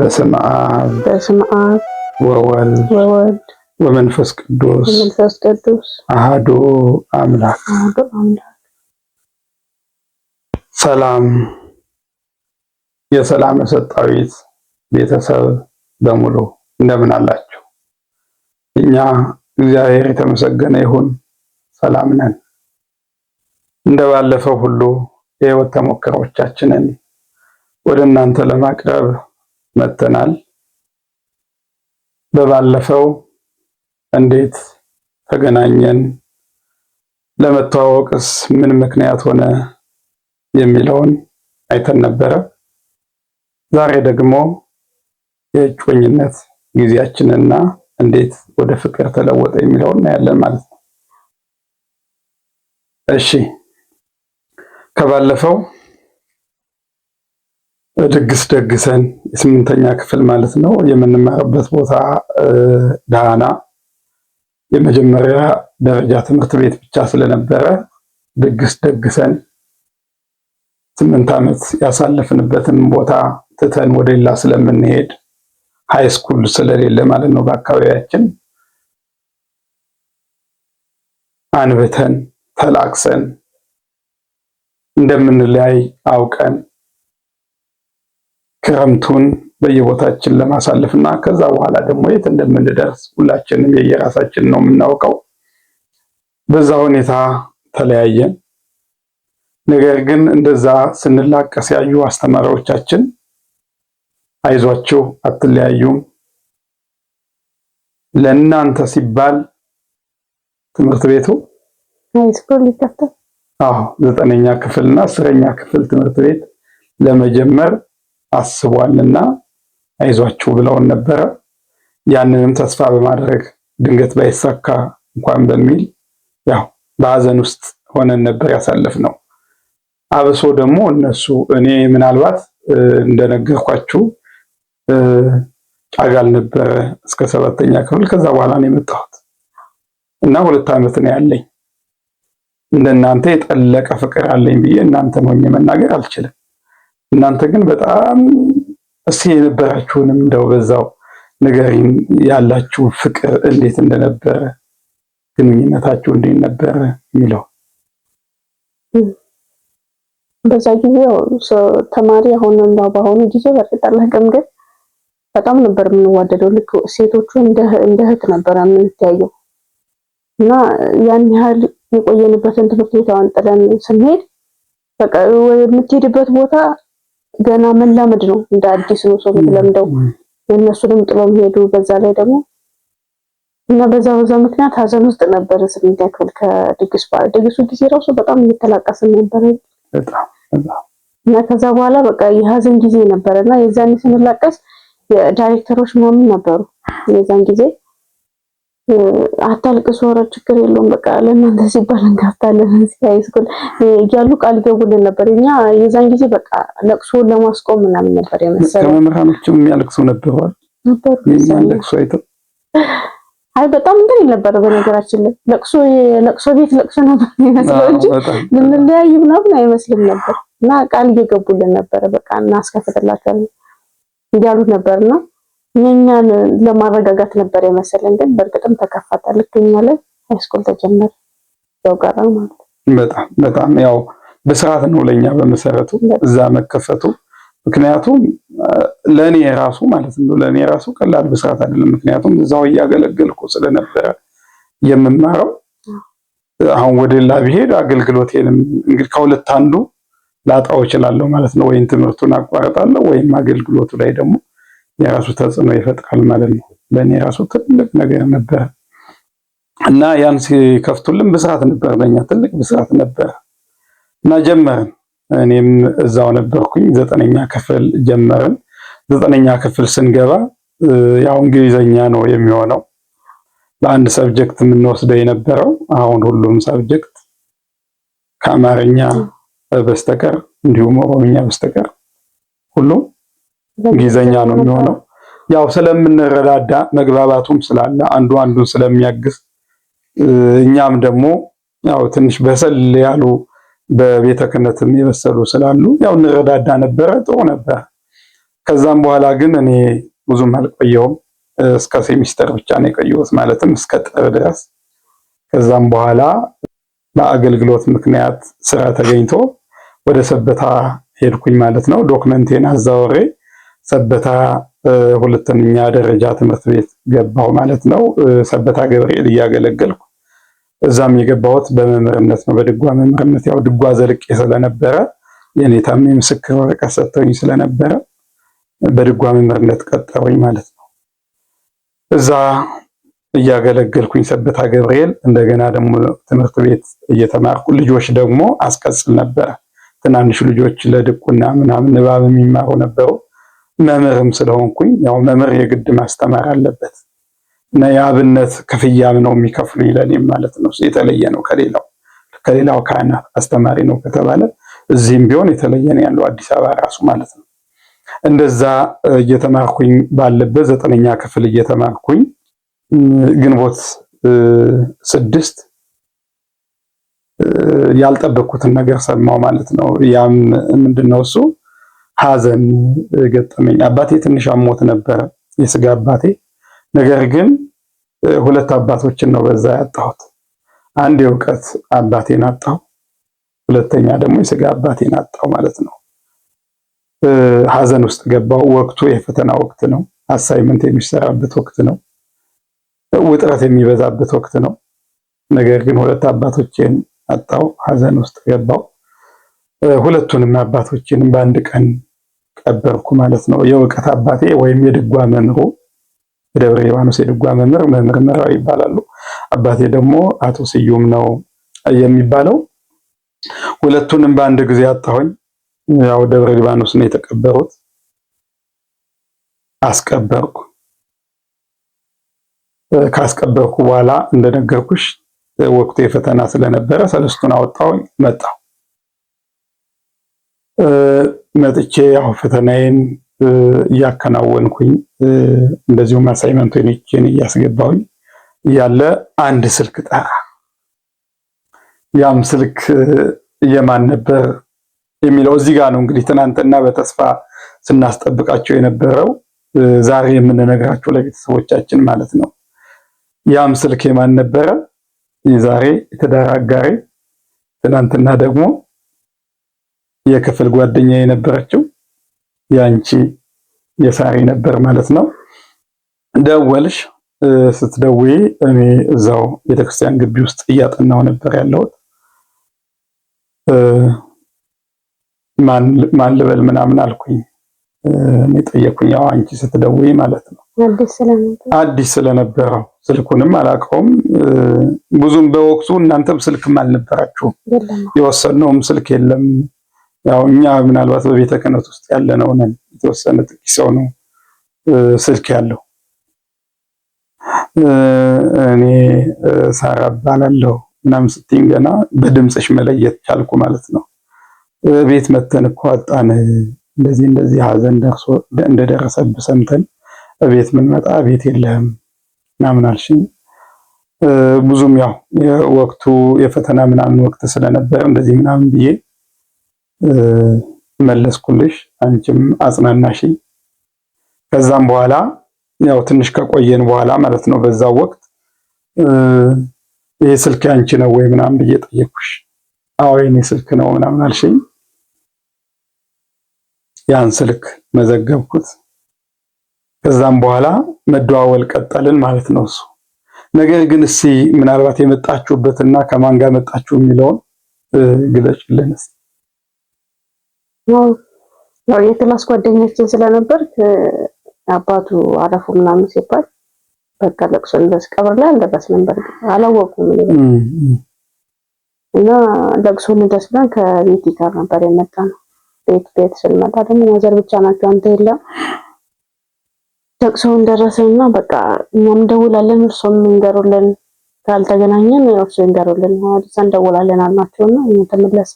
በስመ አብ በስመ አብ ወወልድ ወመንፈስ ቅዱስ ወመንፈስ ቅዱስ አሃዱ አምላክ አሃዱ አምላክ። ሰላም የሰላም ሰጣዊት ቤተሰብ በሙሉ እንደምን አላችሁ? እኛ እግዚአብሔር የተመሰገነ ይሁን ሰላም ነን። እንደባለፈው ሁሉ የህይወት ተሞክሮቻችንን ወደ እናንተ ለማቅረብ መጥተናል። በባለፈው እንዴት ተገናኘን፣ ለመተዋወቅስ ምን ምክንያት ሆነ የሚለውን አይተን ነበረ። ዛሬ ደግሞ የእጮኝነት ጊዜያችንና እንዴት ወደ ፍቅር ተለወጠ የሚለውን እናያለን ማለት ነው። እሺ ከባለፈው ድግስ ደግሰን የስምንተኛ ክፍል ማለት ነው የምንማርበት ቦታ ዳና የመጀመሪያ ደረጃ ትምህርት ቤት ብቻ ስለነበረ ድግስ ደግሰን ስምንት ዓመት ያሳለፍንበትን ቦታ ትተን ወደ ሌላ ስለምንሄድ ሃይ ስኩል ስለሌለ ማለት ነው በአካባቢያችን አንብተን ተላቅሰን እንደምንለያይ አውቀን ክረምቱን በየቦታችን ለማሳለፍ እና ከዛ በኋላ ደግሞ የት እንደምንደርስ ሁላችንም የየራሳችን ነው የምናውቀው። በዛ ሁኔታ ተለያየን። ነገር ግን እንደዛ ስንላቀስ ያዩ አስተማሪዎቻችን አይዟችሁ፣ አትለያዩም፣ ለእናንተ ሲባል ትምህርት ቤቱ ዘጠነኛ ክፍል እና አስረኛ ክፍል ትምህርት ቤት ለመጀመር አስቧልና አይዟችሁ ብለውን ነበረ። ያንንም ተስፋ በማድረግ ድንገት ባይሳካ እንኳን በሚል ያው በሀዘን ውስጥ ሆነን ነበር ያሳለፍነው። አብሶ ደግሞ እነሱ እኔ ምናልባት እንደነገርኳችሁ ጫጋል ነበረ እስከ ሰባተኛ ክፍል። ከዛ በኋላ ነው የመጣሁት እና ሁለት ዓመት ነው ያለኝ። እንደናንተ የጠለቀ ፍቅር አለኝ ብዬ እናንተን ሆኜ መናገር አልችልም። እናንተ ግን በጣም እስኪ የነበራችሁንም እንደው በዛው ንገሪን፣ ያላችሁ ፍቅር እንዴት እንደነበረ ግንኙነታችሁ እንዴት ነበረ የሚለው በዛ ጊዜ ተማሪ አሁን እንደው በአሁኑ ጊዜ በርግጥ ግን በጣም ነበር የምንዋደደው። ልክ ሴቶቹ እንደ እህት ነበር የምንተያየው እና ያን ያህል የቆየንበትን ትምህርት ቤት አሁን ስንሄድ በቃ የምትሄድበት ቦታ ገና መላመድ ነው። እንደ አዲስ ነው ሰው ለምደው የእነሱንም ጥሎ ሄዱ። በዛ ላይ ደግሞ እና በዛ በዛ ምክንያት ሀዘን ውስጥ ነበረ። ስምንተኛ ክፍል ከድግስ በኋላ ድግሱ ጊዜ ራሱ በጣም እየተላቀስን ነበረ እና ከዛ በኋላ በቃ የሀዘን ጊዜ ነበረ እና የዛን ስንላቀስ ዳይሬክተሮች ምናምን ነበሩ የዛን ጊዜ አታልቅሱ፣ ኧረ ችግር የለውም በቃ ለእናንተ ሲባል እንከፍታለን ሃይስኩል እያሉ ቃል ገቡልን ነበር። እኛ የዛን ጊዜ በቃ ለቅሶውን ለማስቆም ምናምን ነበር የመሰለው። ከመምህራኖችም የሚያለቅሱ ነበረዋል ለቅሶ አይተው አይ በጣም እንትን የነበረ በነገራችን ላይ ለቅሶ ለቅሶ ቤት ለቅሶ ነበር የሚመስለው እንጂ ልንለያይ ምናምን አይመስልም ነበር። እና ቃል እየገቡልን ነበረ በቃ እናስከፍትላቸዋለን እያሉት ነው እኛን ለማረጋጋት ነበር የመሰለን፣ ግን በእርግጥም ተከፋታ። ልክ እኛ ላይ ሃይስኩል ተጀመረ ያው ማለት በጣም በጣም ያው ብስራት ነው ለእኛ በመሰረቱ እዛ መከፈቱ። ምክንያቱም ለእኔ የራሱ ማለት ነው ለእኔ የራሱ ቀላል ብስራት አይደለም። ምክንያቱም እዛው እያገለገልኩ ስለነበረ የምማረው አሁን ወደ ሌላ ብሄድ አገልግሎቴንም እንግዲህ ከሁለት አንዱ ላጣው እችላለሁ ማለት ነው። ወይም ትምህርቱን አቋርጣለሁ ወይም አገልግሎቱ ላይ ደግሞ የራሱ ተጽዕኖ ይፈጥራል ማለት ነው። ለእኔ ራሱ ትልቅ ነገር ነበር እና ያን ሲከፍቱልን ብስራት ነበር፣ በእኛ ትልቅ ብስራት ነበር እና ጀመርን። እኔም እዛው ነበርኩኝ። ዘጠነኛ ክፍል ጀመርን። ዘጠነኛ ክፍል ስንገባ ያው እንግሊዘኛ ነው የሚሆነው ለአንድ ሰብጀክት የምንወስደው የነበረው። አሁን ሁሉም ሰብጀክት ከአማርኛ በስተቀር እንዲሁም ኦሮምኛ በስተቀር ሁሉም ጊዜኛ ነው የሚሆነው። ያው ስለምንረዳዳ መግባባቱም ስላለ አንዱ አንዱን ስለሚያግዝ እኛም ደግሞ ያው ትንሽ በሰል ያሉ በቤተ ክህነትም የበሰሉ ስላሉ ያው እንረዳዳ ነበረ። ጥሩ ነበረ። ከዛም በኋላ ግን እኔ ብዙም አልቆየሁም። እስከ ሴሚስተር ብቻ ነው የቆየሁት፣ ማለትም እስከ ጥር ድረስ። ከዛም በኋላ በአገልግሎት ምክንያት ስራ ተገኝቶ ወደ ሰበታ ሄድኩኝ ማለት ነው። ዶክመንቴን አዛወሬ ሰበታ ሁለተኛ ደረጃ ትምህርት ቤት ገባሁ ማለት ነው። ሰበታ ገብርኤል እያገለገልኩ እዛም የገባሁት በመምህርነት ነው። በድጓ መምህርነት ያው ድጓ ዘልቄ ስለነበረ የኔታም የምስክር ወረቀት ሰጥተውኝ ስለነበረ በድጓ መምህርነት ቀጠሩኝ ማለት ነው። እዛ እያገለገልኩኝ ሰበታ ገብርኤል እንደገና ደግሞ ትምህርት ቤት እየተማርኩ ልጆች ደግሞ አስቀጽል ነበረ። ትናንሽ ልጆች ለድቁና ምናምን ንባብ የሚማሩ ነበሩ። መምህርም ስለሆንኩኝ ያው መምህር የግድ ማስተማር አለበት እና የአብነት ክፍያም ነው የሚከፍሉ ይለኔም ማለት ነው። የተለየ ነው ከሌላው ከሌላው ካህናት አስተማሪ ነው ከተባለ እዚህም ቢሆን የተለየ ነው ያለው አዲስ አበባ ራሱ ማለት ነው። እንደዛ እየተማርኩኝ ባለበት ዘጠነኛ ክፍል እየተማርኩኝ ግንቦት ስድስት ያልጠበቅኩትን ነገር ሰማው ማለት ነው። ያም ምንድን ነው እሱ ሀዘን ገጠመኝ። አባቴ ትንሽ አሞት ነበረ፣ የስጋ አባቴ። ነገር ግን ሁለት አባቶችን ነው በዛ ያጣሁት። አንድ የእውቀት አባቴን አጣሁ፣ ሁለተኛ ደግሞ የስጋ አባቴን አጣሁ ማለት ነው። ሀዘን ውስጥ ገባው። ወቅቱ የፈተና ወቅት ነው። አሳይመንት የሚሰራበት ወቅት ነው። ውጥረት የሚበዛበት ወቅት ነው። ነገር ግን ሁለት አባቶቼን አጣው፣ ሀዘን ውስጥ ገባው። ሁለቱንም አባቶችን በአንድ ቀን ቀበርኩ ማለት ነው። የእውቀት አባቴ ወይም የድጓ መምህሩ የደብረ ሊባኖስ የድጓ መምህር መምህር መራዊ ይባላሉ። አባቴ ደግሞ አቶ ስዩም ነው የሚባለው። ሁለቱንም በአንድ ጊዜ አጣሁኝ። ያው ደብረ ሊባኖስ ነው የተቀበሩት። አስቀበርኩ። ካስቀበርኩ በኋላ እንደነገርኩሽ ወቅቱ የፈተና ስለነበረ ሰለስቱን አወጣሁኝ መጣሁ። መጥቼ ያው ፈተናዬን እያከናወንኩኝ እንደዚሁም አሳይመንቶችን እያስገባሁኝ ያለ አንድ ስልክ ጠራ። ያም ስልክ የማን ነበር የሚለው እዚህ ጋር ነው። እንግዲህ ትናንትና በተስፋ ስናስጠብቃቸው የነበረው ዛሬ የምንነግራቸው ለቤተሰቦቻችን ማለት ነው። ያም ስልክ የማን ነበረ? የዛሬ የትዳር አጋሬ፣ ትናንትና ደግሞ የክፍል ጓደኛ የነበረችው ያንቺ የሳሪ ነበር ማለት ነው። ደወልሽ። ስትደውይ እኔ እዛው ቤተክርስቲያን ግቢ ውስጥ እያጠናው ነበር ያለሁት። ማን ልበል ምናምን አልኩኝ። እኔ ጠየኩኝ። ያው አንቺ ስትደውይ ማለት ነው አዲስ ስለነበረው ስልኩንም አላውቀውም ብዙም በወቅቱ እናንተም ስልክም አልነበራችሁም። የወሰነውም ስልክ የለም ያው እኛ ምናልባት በቤተ ክህነት ውስጥ ያለ ነው ነን የተወሰነ ጥቂት ሰው ነው ስልክ ያለው። እኔ ሳራ እባላለሁ ምናምን ስትይኝ ገና በድምፅሽ መለየት ቻልኩ ማለት ነው። ቤት መተን እኮ አጣን እንደዚህ እንደዚህ ሀዘን ደርሶ እንደደረሰ ሰምተን ቤት ምንመጣ ቤት የለህም ምናምን አልሽኝ። ብዙም ያው የወቅቱ የፈተና ምናምን ወቅት ስለነበር እንደዚህ ምናምን ብዬ መለስኩልሽ፣ አንቺም አጽናናሽኝ። ከዛም በኋላ ያው ትንሽ ከቆየን በኋላ ማለት ነው በዛ ወቅት ይሄ ስልክ አንቺ ነው ወይ ምናምን ብዬ አዎ የኔ ስልክ ነው ምናምን አልሽኝ። ያን ስልክ መዘገብኩት። ከዛም በኋላ መደዋወል ቀጠልን ማለት ነው እሱ ነገር ግን እስኪ ምናልባት የመጣችሁበትና ከማን ጋር መጣችሁ የሚለውን ግለጭልን። ያው የክላስ ጓደኛችን ስለነበር አባቱ አረፉ ምናምን ሲባል በቃ ለቅሶ እንደዚህ ቀብር ላይ አልደረስንም። በርግጥ አላወቁም እና ለቅሶ እንደርስ ብለን ከቤቲ ጋር ነበር የመጣ ነው። ቤት ቤት ስንመጣ ደግሞ ወዘር ብቻ ናቸው፣ አንተ የለም። ለቅሶውን ደረሰና በቃ እኛም እንደውላለን፣ እርሶም እንገሩልን፣ ካልተገናኘን እርሶ ይንገሩልን፣ ወደዛ እንደውላለን አልናቸውና ተመለስ።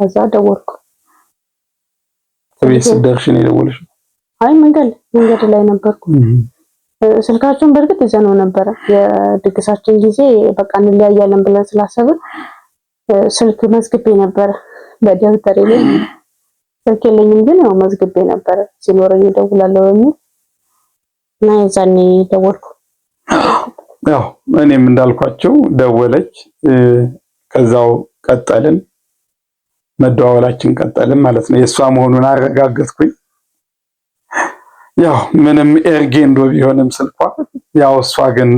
ከዛ ደወልኩ ቤት ስትደርሺ ነው የደወለሽው? አይ መንገድ መንገድ ላይ ነበርኩ። ስልካቸውን በእርግጥ ይዘነው ነበረ። የድግሳችን ጊዜ በቃ እንለያያለን ብለን ስላሰብን ስልክ መዝግቤ ነበረ በደብተሬ ላይ። ስልክ የለኝም ግን ያው መዝግቤ ነበረ ሲኖረኝ እደውላለሁ በሚል እና የዛኔ ደወልኩ። ያው እኔም እንዳልኳቸው ደወለች፣ ከዛው ቀጠልን። መደዋወላችን ቀጠልን ማለት ነው። የእሷ መሆኑን አረጋገጥኩኝ። ያው ምንም ኤርጌንዶ ቢሆንም ስልኳ ያው እሷ ግን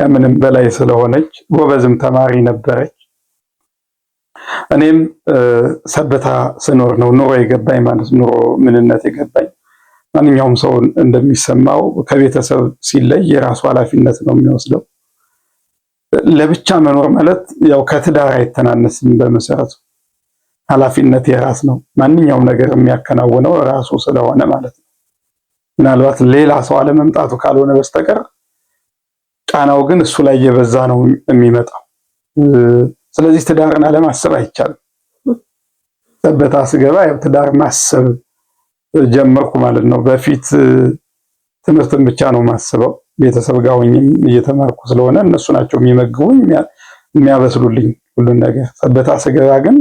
ከምንም በላይ ስለሆነች ጎበዝም ተማሪ ነበረች። እኔም ሰበታ ስኖር ነው ኑሮ የገባኝ ማለት ኑሮ ምንነት የገባኝ ማንኛውም ሰው እንደሚሰማው ከቤተሰብ ሲለይ የራሱ ኃላፊነት ነው የሚወስደው። ለብቻ መኖር ማለት ያው ከትዳር አይተናነስም በመሰረቱ ኃላፊነት የራስ ነው። ማንኛውም ነገር የሚያከናውነው ራሱ ስለሆነ ማለት ነው። ምናልባት ሌላ ሰው አለመምጣቱ ካልሆነ በስተቀር ጫናው ግን እሱ ላይ የበዛ ነው የሚመጣው። ስለዚህ ትዳርን አለማሰብ አይቻልም። ጠበታ ስገባ ያው ትዳር ማሰብ ጀመርኩ ማለት ነው። በፊት ትምህርትን ብቻ ነው ማስበው። ቤተሰብ ጋውኝ እየተማርኩ ስለሆነ እነሱ ናቸው የሚመግቡኝ፣ የሚያበስሉልኝ ሁሉን ነገር። ጠበታ ስገባ ግን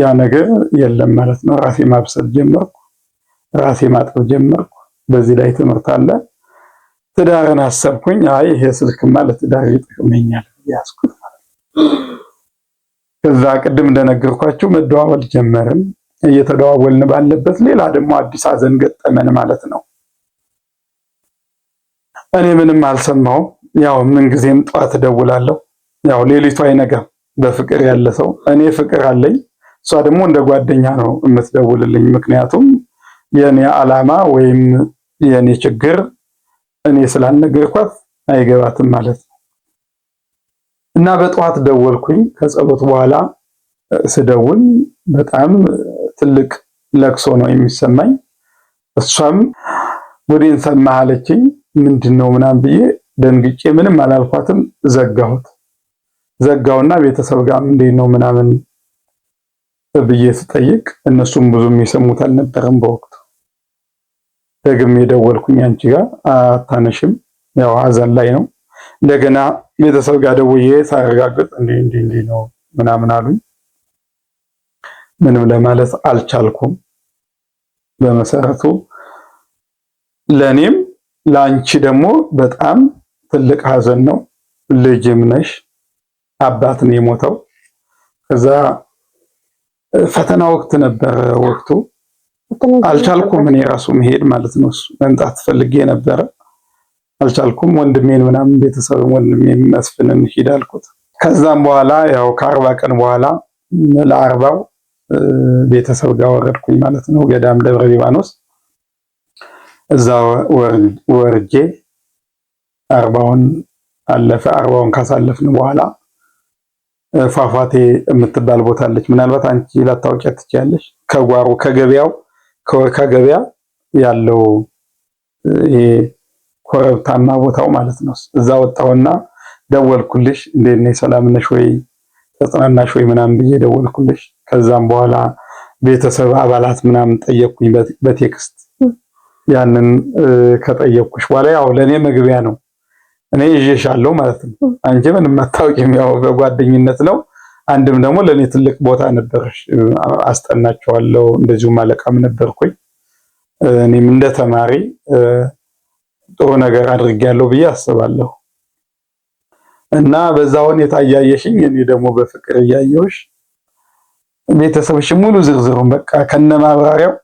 ያ ነገር የለም ማለት ነው። ራሴ ማብሰል ጀመርኩ፣ ራሴ ማጠብ ጀመርኩ። በዚህ ላይ ትምህርት አለ። ትዳርን አሰብኩኝ። አይ ይሄ ስልክማ ለትዳር ይጠቅመኛል ያስኩት ማለት ነው። ከዛ ቅድም እንደነገርኳችሁ መደዋወል ጀመርን። እየተደዋወልን ባለበት ሌላ ደግሞ አዲስ አዘን ገጠመን ማለት ነው። እኔ ምንም አልሰማው ያው ምን ጊዜም ጠዋት እደውላለሁ። ያው ሌሊቱ አይነጋም። በፍቅር ያለ ሰው እኔ ፍቅር አለኝ እሷ ደግሞ እንደ ጓደኛ ነው የምትደውልልኝ። ምክንያቱም የኔ ዓላማ ወይም የኔ ችግር እኔ ስላልነገርኳት አይገባትም ማለት ነው። እና በጠዋት ደወልኩኝ። ከጸሎት በኋላ ስደውል በጣም ትልቅ ለቅሶ ነው የሚሰማኝ። እሷም ወዴን ሰማህ አለችኝ። ምንድን ነው ምናምን ብዬ ደንግጬ ምንም አላልኳትም። ዘጋሁት ዘጋውና ቤተሰብ ጋር እንዴት ነው ምናምን ብዬ ስጠይቅ እነሱም ብዙም የሚሰሙት አልነበረም በወቅቱ። ደግም የደወልኩኝ አንቺ ጋር አታነሽም፣ ያው ሀዘን ላይ ነው። እንደገና ቤተሰብ ጋር ደውዬ ሳረጋግጥ እንዲህ እንዲህ እንዲህ ነው ምናምን አሉኝ። ምንም ለማለት አልቻልኩም። በመሰረቱ ለእኔም ለአንቺ ደግሞ በጣም ትልቅ ሀዘን ነው። ልጅም ነሽ፣ አባት ነው የሞተው። ከዛ ፈተና ወቅት ነበረ ወቅቱ። አልቻልኩም እኔ ራሱ መሄድ ማለት ነው። እሱ መምጣት ፈልጌ ነበረ አልቻልኩም። ወንድሜን ምናምን ቤተሰብም ወንድሜን መስፍንን ሂድ አልኩት። ከዛም በኋላ ያው ከአርባ ቀን በኋላ ለአርባው ቤተሰብ ጋር ወረድኩኝ ማለት ነው። ገዳም ደብረ ሊባኖስ እዛ ወርጄ አርባውን አለፈ። አርባውን ካሳለፍን በኋላ ፏፏቴ የምትባል ቦታ አለች። ምናልባት አንቺ ላታውቂያት ትችያለሽ። ከጓሮ ከገበያው ከገበያ ያለው ይሄ ኮረብታማ ቦታው ማለት ነው። እዛ ወጣሁና ደወልኩልሽ። እንዴት ነሽ? ሰላም ነሽ ወይ? ተጽናናሽ ወይ? ምናምን ብዬ ደወልኩልሽ። ከዛም በኋላ ቤተሰብ አባላት ምናምን ጠየቅኩኝ በቴክስት። ያንን ከጠየቅኩሽ በኋላ ያው ለእኔ መግቢያ ነው እኔ ይዤሻለሁ ማለት ነው። አንቺ ምንም አታውቂም፣ ያው በጓደኝነት ነው። አንድም ደግሞ ለእኔ ትልቅ ቦታ ነበርሽ። አስጠናቸዋለሁ፣ እንደዚሁም አለቃም ነበርኩኝ። እኔም እንደ ተማሪ ጥሩ ነገር አድርጌያለሁ ብዬ አስባለሁ። እና በዛ ሁኔታ እያየሽኝ እኔ ደግሞ በፍቅር እያየሁሽ ቤተሰብሽ ሙሉ ዝርዝሩን በቃ ከነ ማብራሪያው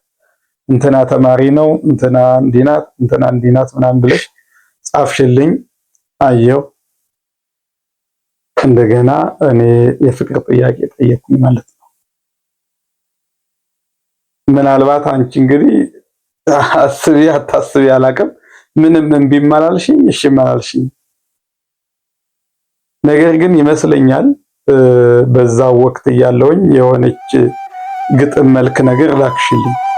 እንትና ተማሪ ነው እንትና እንዲናት እንትና እንዲናት ምናምን ብለሽ ጻፍሽልኝ። አየው እንደገና እኔ የፍቅር ጥያቄ ጠየቅኩኝ ማለት ነው። ምናልባት አንቺ እንግዲህ አስቢ አታስቢ አላቅም። ምንም እምቢም አላልሽኝ፣ እሺም አላልሽኝ። ነገር ግን ይመስለኛል በዛው ወቅት እያለውኝ የሆነች ግጥም መልክ ነገር ላክሽልኝ።